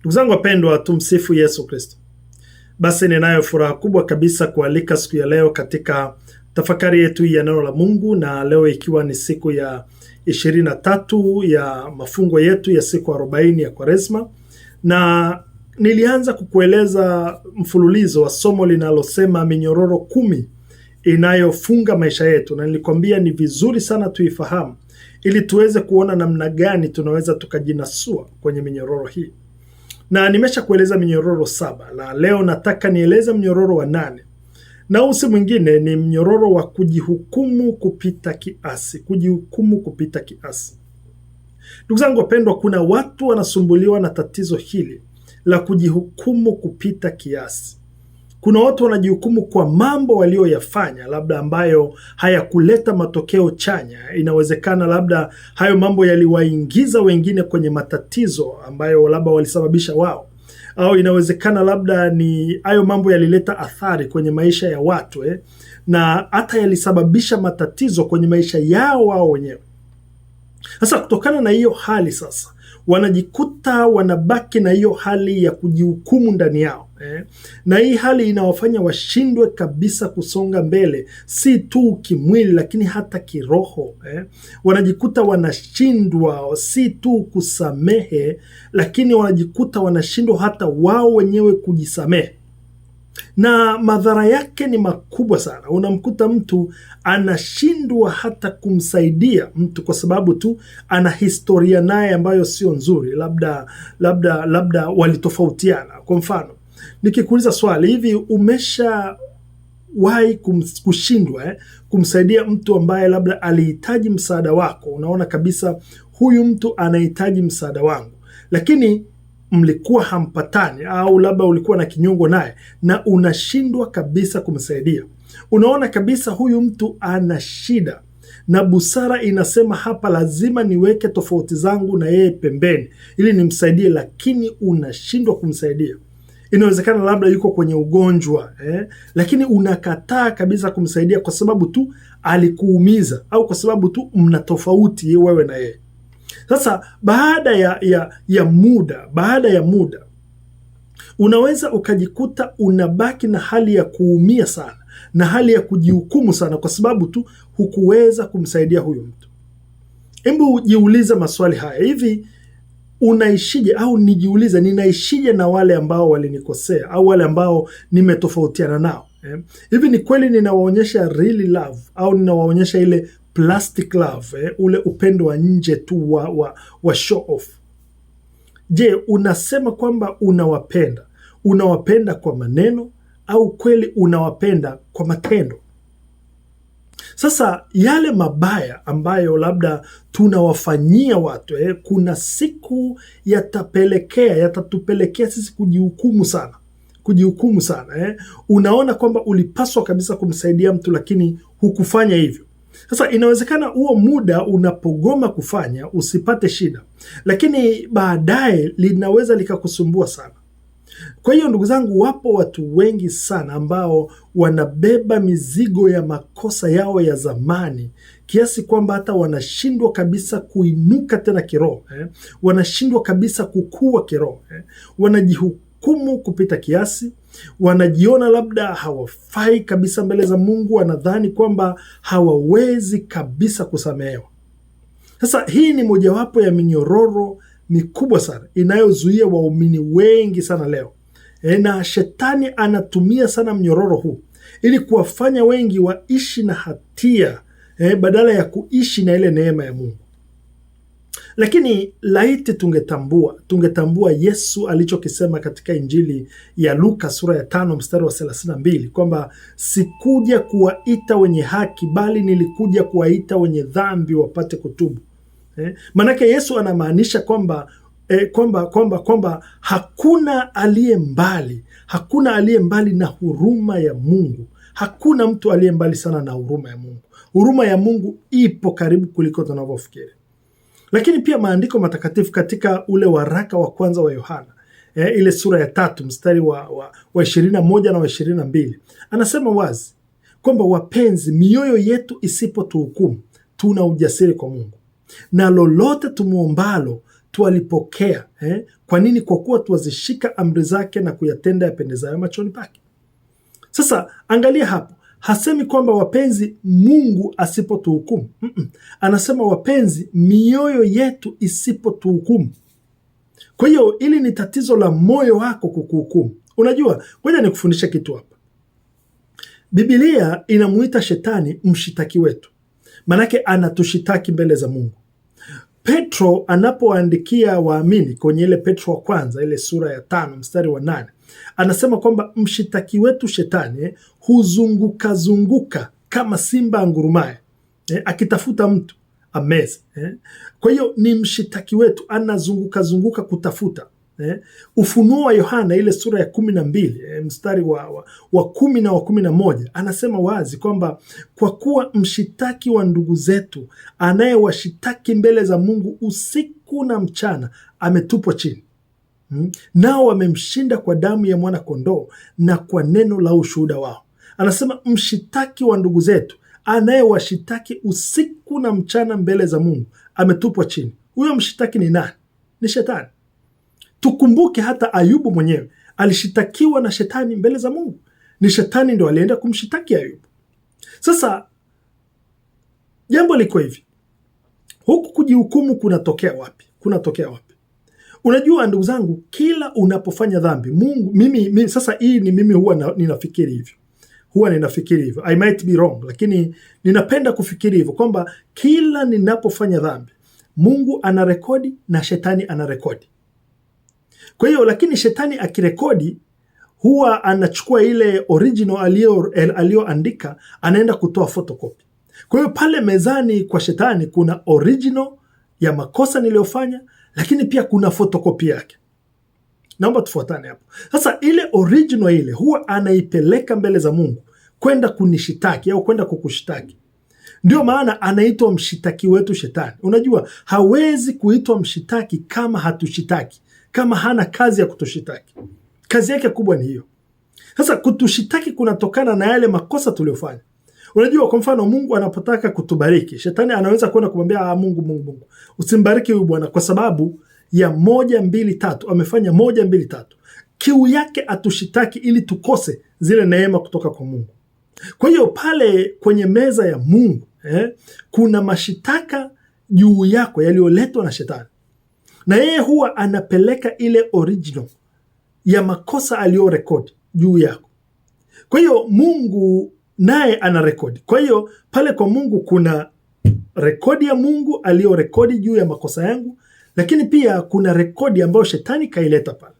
Ndugu zangu wapendwa, tumsifu Yesu Kristo. Basi ninayo furaha kubwa kabisa kualika siku ya leo katika tafakari yetu ya neno la Mungu, na leo ikiwa ni siku ya ishirini na tatu ya mafungo yetu ya siku arobaini ya Kwaresma, na nilianza kukueleza mfululizo wa somo linalosema minyororo kumi inayofunga maisha yetu, na nilikwambia ni vizuri sana tuifahamu ili tuweze kuona namna gani tunaweza tukajinasua kwenye minyororo hii na nimesha kueleza minyororo saba, na leo nataka nieleze mnyororo wa nane na usi mwingine ni mnyororo wa kujihukumu kupita kiasi. Kujihukumu kupita kiasi, ndugu zangu wapendwa, kuna watu wanasumbuliwa na tatizo hili la kujihukumu kupita kiasi. Kuna watu wanajihukumu kwa mambo walioyafanya, labda ambayo hayakuleta matokeo chanya. Inawezekana labda hayo mambo yaliwaingiza wengine kwenye matatizo ambayo labda walisababisha wao au inawezekana labda ni hayo mambo yalileta athari kwenye maisha ya watu eh, na hata yalisababisha matatizo kwenye maisha yao wao wenyewe. Sasa kutokana na hiyo hali sasa wanajikuta wanabaki na hiyo hali ya kujihukumu ndani yao eh. Na hii hali inawafanya washindwe kabisa kusonga mbele, si tu kimwili, lakini hata kiroho eh. Wanajikuta wanashindwa si tu kusamehe, lakini wanajikuta wanashindwa hata wao wenyewe kujisamehe na madhara yake ni makubwa sana. Unamkuta mtu anashindwa hata kumsaidia mtu kwa sababu tu ana historia naye ambayo sio nzuri, labda labda labda walitofautiana. Kwa mfano, nikikuuliza swali hivi, umesha wahi kushindwa eh, kumsaidia mtu ambaye labda alihitaji msaada wako, unaona kabisa huyu mtu anahitaji msaada wangu, lakini mlikuwa hampatani au labda ulikuwa na kinyongo naye na unashindwa kabisa kumsaidia, unaona kabisa huyu mtu ana shida, na busara inasema hapa, lazima niweke tofauti zangu na yeye pembeni ili nimsaidie, lakini unashindwa kumsaidia. Inawezekana labda yuko kwenye ugonjwa eh, lakini unakataa kabisa kumsaidia kwa sababu tu alikuumiza au kwa sababu tu mna tofauti wewe na yeye. Sasa baada ya, ya, ya muda baada ya muda unaweza ukajikuta unabaki na hali ya kuumia sana na hali ya kujihukumu sana, kwa sababu tu hukuweza kumsaidia huyu mtu. Hebu jiulize maswali haya, hivi unaishije? Au nijiulize, ninaishije na wale ambao walinikosea au wale ambao nimetofautiana nao eh? Hivi ni kweli ninawaonyesha really love au ninawaonyesha ile plastic love eh, ule upendo wa nje tu wa, wa, wa show off. Je, unasema kwamba unawapenda? Unawapenda kwa maneno au kweli unawapenda kwa matendo? Sasa yale mabaya ambayo labda tunawafanyia watu eh, kuna siku yatapelekea yatatupelekea sisi kujihukumu sana, kujihukumu sana eh. Unaona kwamba ulipaswa kabisa kumsaidia mtu, lakini hukufanya hivyo. Sasa inawezekana huo muda unapogoma kufanya usipate shida, lakini baadaye linaweza likakusumbua sana. Kwa hiyo ndugu zangu, wapo watu wengi sana ambao wanabeba mizigo ya makosa yao ya zamani kiasi kwamba hata wanashindwa kabisa kuinuka tena kiroho eh? Wanashindwa kabisa kukua kiroho eh? wanajihuku kumu kupita kiasi, wanajiona labda hawafai kabisa mbele za Mungu, wanadhani kwamba hawawezi kabisa kusamehewa. Sasa hii ni mojawapo ya minyororo mikubwa sana inayozuia waumini wengi sana leo e, na shetani anatumia sana mnyororo huu ili kuwafanya wengi waishi na hatia e, badala ya kuishi na ile neema ya Mungu. Lakini laiti tungetambua, tungetambua Yesu alichokisema katika Injili ya Luka sura ya tano mstari wa mbili kwamba sikuja kuwaita wenye haki, bali nilikuja kuwaita wenye dhambi wapate kutubu. Eh? Manake Yesu anamaanisha kwamba eh, kwamba kwamba kwamba hakuna aliye mbali, hakuna aliye mbali na huruma ya Mungu. Hakuna mtu aliye mbali sana na huruma ya Mungu. Huruma ya Mungu ipo karibu kuliko tunavyofikiri. Lakini pia maandiko matakatifu katika ule waraka wa kwanza wa Yohana e, ile sura ya tatu mstari wa ishirini na moja na wa ishirini na mbili anasema wazi kwamba wapenzi, mioyo yetu isipotuhukumu tuna ujasiri kwa Mungu na lolote tumwombalo twalipokea eh? Kwa nini? Kwa kuwa twazishika amri zake na kuyatenda yapendezayo machoni pake. Sasa angalia hapa Hasemi kwamba wapenzi, Mungu asipotuhukumu. Mm -mm. Anasema wapenzi, mioyo yetu isipotuhukumu. Kwa hiyo hili ni tatizo la moyo wako kukuhukumu. Unajua, ngoja nikufundishe kitu hapa. Biblia inamuita shetani mshitaki wetu, manake anatushitaki mbele za Mungu. Petro anapoandikia waamini kwenye ile Petro wa kwanza ile sura ya tano mstari wa nane Anasema kwamba mshitaki wetu shetani huzungukazunguka kama simba angurumaye eh, akitafuta mtu ameze eh. Kwa hiyo ni mshitaki wetu anazunguka zunguka kutafuta eh. Ufunuo wa Yohana ile sura ya kumi na mbili eh, mstari wa, wa, wa kumi na wa kumi na moja anasema wazi kwamba kwa kuwa mshitaki wa ndugu zetu anayewashitaki mbele za Mungu usiku na mchana ametupwa chini Hmm. Nao wamemshinda kwa damu ya mwana kondoo na kwa neno la ushuhuda wao. Anasema mshitaki wa ndugu zetu anayewashitaki usiku na mchana mbele za Mungu ametupwa chini. Huyo mshitaki ni nani? Ni Shetani. Tukumbuke hata Ayubu mwenyewe alishitakiwa na Shetani mbele za Mungu. Ni Shetani ndo alienda kumshitaki Ayubu. Sasa jambo liko hivi, huku kujihukumu kunatokea wapi? Kunatokea wapi? Unajua ndugu zangu, kila unapofanya dhambi Mungu mimi, mimi sasa hii ni mimi huwa ninafikiri hivyo huwa ninafikiri hivyo, I might be wrong, lakini ninapenda kufikiri hivyo kwamba kila ninapofanya dhambi Mungu ana rekodi na shetani ana rekodi Kwa hiyo, lakini shetani akirekodi huwa anachukua ile original aliyoandika anaenda kutoa photocopy. Kwa hiyo pale mezani kwa shetani kuna original ya makosa niliyofanya lakini pia kuna fotokopi yake. Naomba tufuatane hapo sasa. Ile original ile huwa anaipeleka mbele za Mungu kwenda kunishitaki au kwenda kukushitaki. Ndio maana anaitwa mshitaki wetu Shetani. Unajua hawezi kuitwa mshitaki kama hatushitaki, kama hana kazi ya kutushitaki. Kazi yake kubwa ni hiyo. Sasa kutushitaki kunatokana na yale makosa tuliyofanya. Unajua, kwa mfano Mungu anapotaka kutubariki, shetani anaweza kwenda kumwambia ah, Mungu Mungu Mungu, usimbariki huyu bwana kwa sababu ya moja mbili tatu, amefanya moja mbili tatu. Kiu yake atushitaki ili tukose zile neema kutoka kwa Mungu. Kwa hiyo pale kwenye meza ya Mungu eh, kuna mashitaka juu yako yaliyoletwa na shetani, na yeye huwa anapeleka ile original ya makosa aliyorekodi juu yako. Kwa hiyo Mungu naye ana rekodi. Kwa hiyo pale kwa Mungu kuna rekodi ya Mungu aliyorekodi juu ya makosa yangu, lakini pia kuna rekodi ambayo shetani kaileta pale.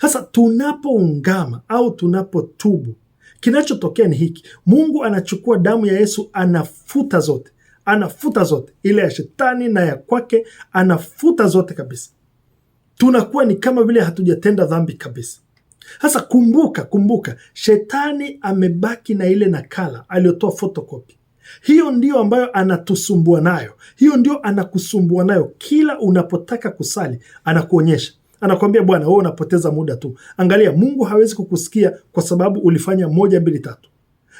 Sasa tunapoungama au tunapotubu, kinachotokea ni hiki: Mungu anachukua damu ya Yesu, anafuta zote, anafuta zote, ile ya shetani na ya kwake, anafuta zote kabisa. Tunakuwa ni kama vile hatujatenda dhambi kabisa. Sasa kumbuka, kumbuka, shetani amebaki na ile nakala aliyotoa photocopy. Hiyo ndiyo ambayo anatusumbua nayo, hiyo ndio anakusumbua nayo. Kila unapotaka kusali anakuonyesha, anakuambia bwana, wewe unapoteza muda tu, angalia, Mungu hawezi kukusikia kwa sababu ulifanya moja, mbili, tatu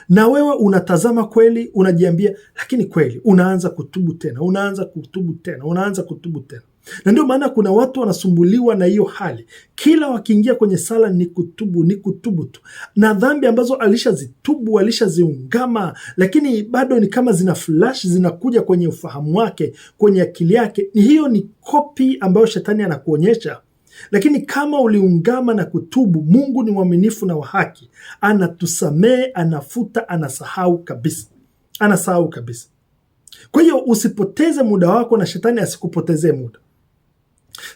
na wewe unatazama kweli, unajiambia, lakini kweli unaanza kutubu tena, unaanza kutubu tena, unaanza kutubu tena na ndio maana kuna watu wanasumbuliwa na hiyo hali, kila wakiingia kwenye sala ni kutubu, ni kutubu tu, na dhambi ambazo alishazitubu alishaziungama, lakini bado ni kama zina flash zinakuja kwenye ufahamu wake, kwenye akili yake. Hiyo ni kopi ambayo shetani anakuonyesha lakini kama uliungama na kutubu, Mungu ni mwaminifu na wa haki, anatusamehe, anafuta, anasahau kabisa, anasahau kabisa. Kwa hiyo usipoteze muda wako na shetani asikupotezee muda.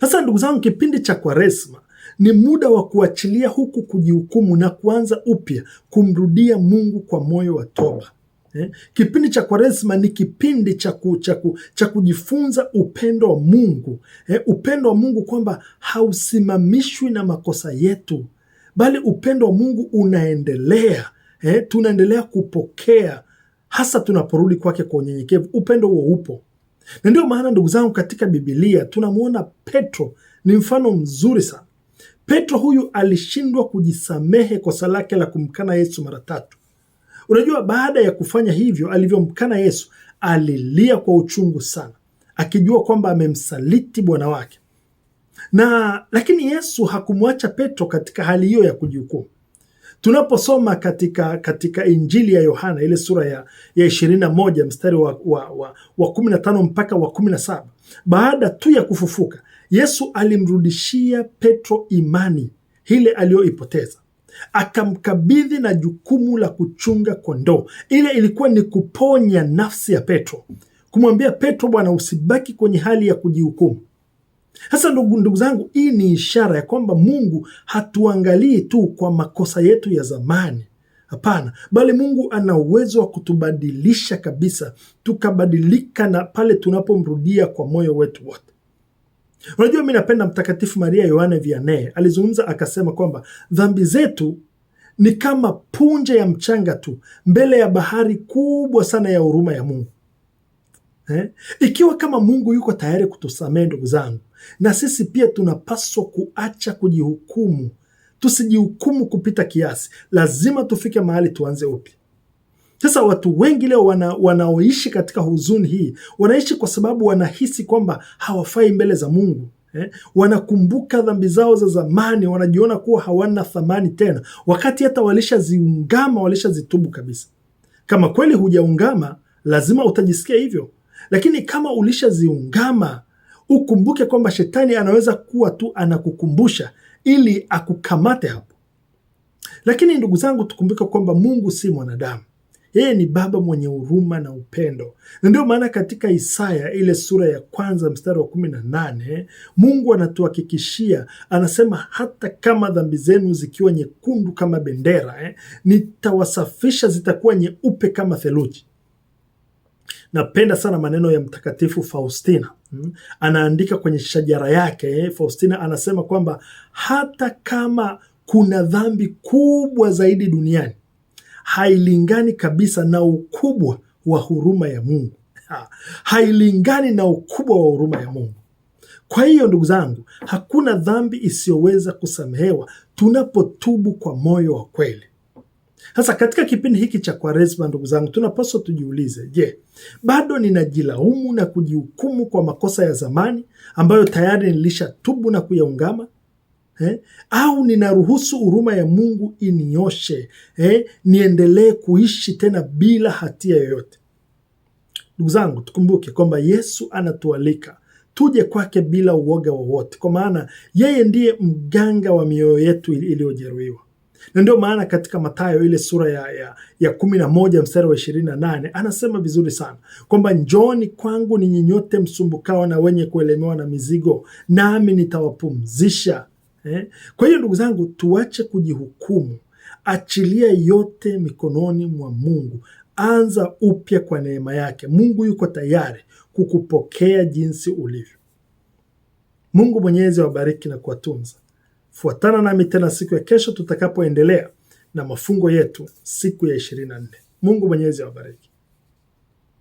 Sasa ndugu zangu, kipindi cha Kwaresma ni muda wa kuachilia huku kujihukumu na kuanza upya kumrudia Mungu kwa moyo wa toba. Eh, kipindi cha Kwaresma ni kipindi cha kujifunza upendo wa Mungu eh, upendo wa Mungu kwamba hausimamishwi na makosa yetu, bali upendo wa Mungu unaendelea eh, tunaendelea kupokea hasa tunaporudi kwake kwa unyenyekevu. Upendo huo upo na ndio maana ndugu zangu, katika Biblia tunamwona Petro ni mfano mzuri sana. Petro huyu alishindwa kujisamehe kosa lake la kumkana Yesu mara tatu. Unajua, baada ya kufanya hivyo, alivyomkana Yesu alilia kwa uchungu sana, akijua kwamba amemsaliti Bwana wake na lakini Yesu hakumwacha Petro katika hali hiyo ya kujihukumu. Tunaposoma katika katika Injili ya Yohana ile sura ya, ya ishirini na moja mstari wa, wa, wa, wa kumi na tano mpaka wa kumi na saba baada tu ya kufufuka Yesu alimrudishia Petro imani ile aliyoipoteza akamkabidhi na jukumu la kuchunga kondoo. Ile ilikuwa ni kuponya nafsi ya Petro, kumwambia Petro, bwana, usibaki kwenye hali ya kujihukumu, sasa ndugu, ndugu zangu, hii ni ishara ya kwamba Mungu hatuangalii tu kwa makosa yetu ya zamani. Hapana, bali Mungu ana uwezo wa kutubadilisha kabisa, tukabadilika na pale tunapomrudia kwa moyo wetu wote. Unajua, mi napenda Mtakatifu Maria Yohane Vianney alizungumza akasema kwamba dhambi zetu ni kama punje ya mchanga tu mbele ya bahari kubwa sana ya huruma ya Mungu eh? Ikiwa kama Mungu yuko tayari kutusamehe ndugu zangu, na sisi pia tunapaswa kuacha kujihukumu. Tusijihukumu kupita kiasi, lazima tufike mahali tuanze upya. Sasa watu wengi leo wana, wanaoishi katika huzuni hii wanaishi kwa sababu wanahisi kwamba hawafai mbele za Mungu. Eh, wanakumbuka dhambi zao za zamani, wanajiona kuwa hawana thamani tena, wakati hata walishaziungama, walishazitubu kabisa. Kama kweli hujaungama, lazima utajisikia hivyo. Lakini kama ulishaziungama, ukumbuke kwamba shetani anaweza kuwa tu anakukumbusha ili akukamate hapo. Lakini ndugu zangu, tukumbuke kwamba Mungu si mwanadamu. Yeye ni Baba mwenye huruma na upendo, na ndio maana katika Isaya ile sura ya kwanza mstari wa kumi na nane Mungu anatuhakikishia anasema, hata kama dhambi zenu zikiwa nyekundu kama bendera eh, nitawasafisha zitakuwa nyeupe kama theluji. Napenda sana maneno ya Mtakatifu Faustina. Hmm. Anaandika kwenye shajara yake, Faustina anasema kwamba hata kama kuna dhambi kubwa zaidi duniani hailingani kabisa na ukubwa wa huruma ya Mungu. Ha. Hailingani na ukubwa wa huruma ya Mungu. Kwa hiyo ndugu zangu, hakuna dhambi isiyoweza kusamehewa tunapotubu kwa moyo wa kweli. Sasa katika kipindi hiki cha Kwaresma, ndugu zangu, tunapaswa tujiulize, je, bado ninajilaumu na kujihukumu kwa makosa ya zamani ambayo tayari tubu na kuyaungama eh? Au ninaruhusu huruma ya Mungu inioshe eh? Niendelee kuishi tena bila hatia yoyote. Ndugu zangu, tukumbuke kwamba Yesu anatualika tuje kwake bila uoga wowote, kwa maana yeye ndiye mganga wa mioyo yetu iliyojeruhiwa na ndio maana katika Mathayo ile sura ya, ya, ya kumi na moja mstari wa ishirini na nane anasema vizuri sana kwamba njoni kwangu ninyi nyote msumbukao na wenye kuelemewa na mizigo, nami nitawapumzisha. Eh? Kwa hiyo ndugu zangu, tuache kujihukumu, achilia yote mikononi mwa Mungu, anza upya kwa neema yake. Mungu yuko tayari kukupokea jinsi ulivyo. Mungu Mwenyezi awabariki na kuwatunza. Fuatana nami tena siku ya kesho tutakapoendelea na mafungo yetu siku ya ishirini na nne. Mungu Mwenyezi awabariki.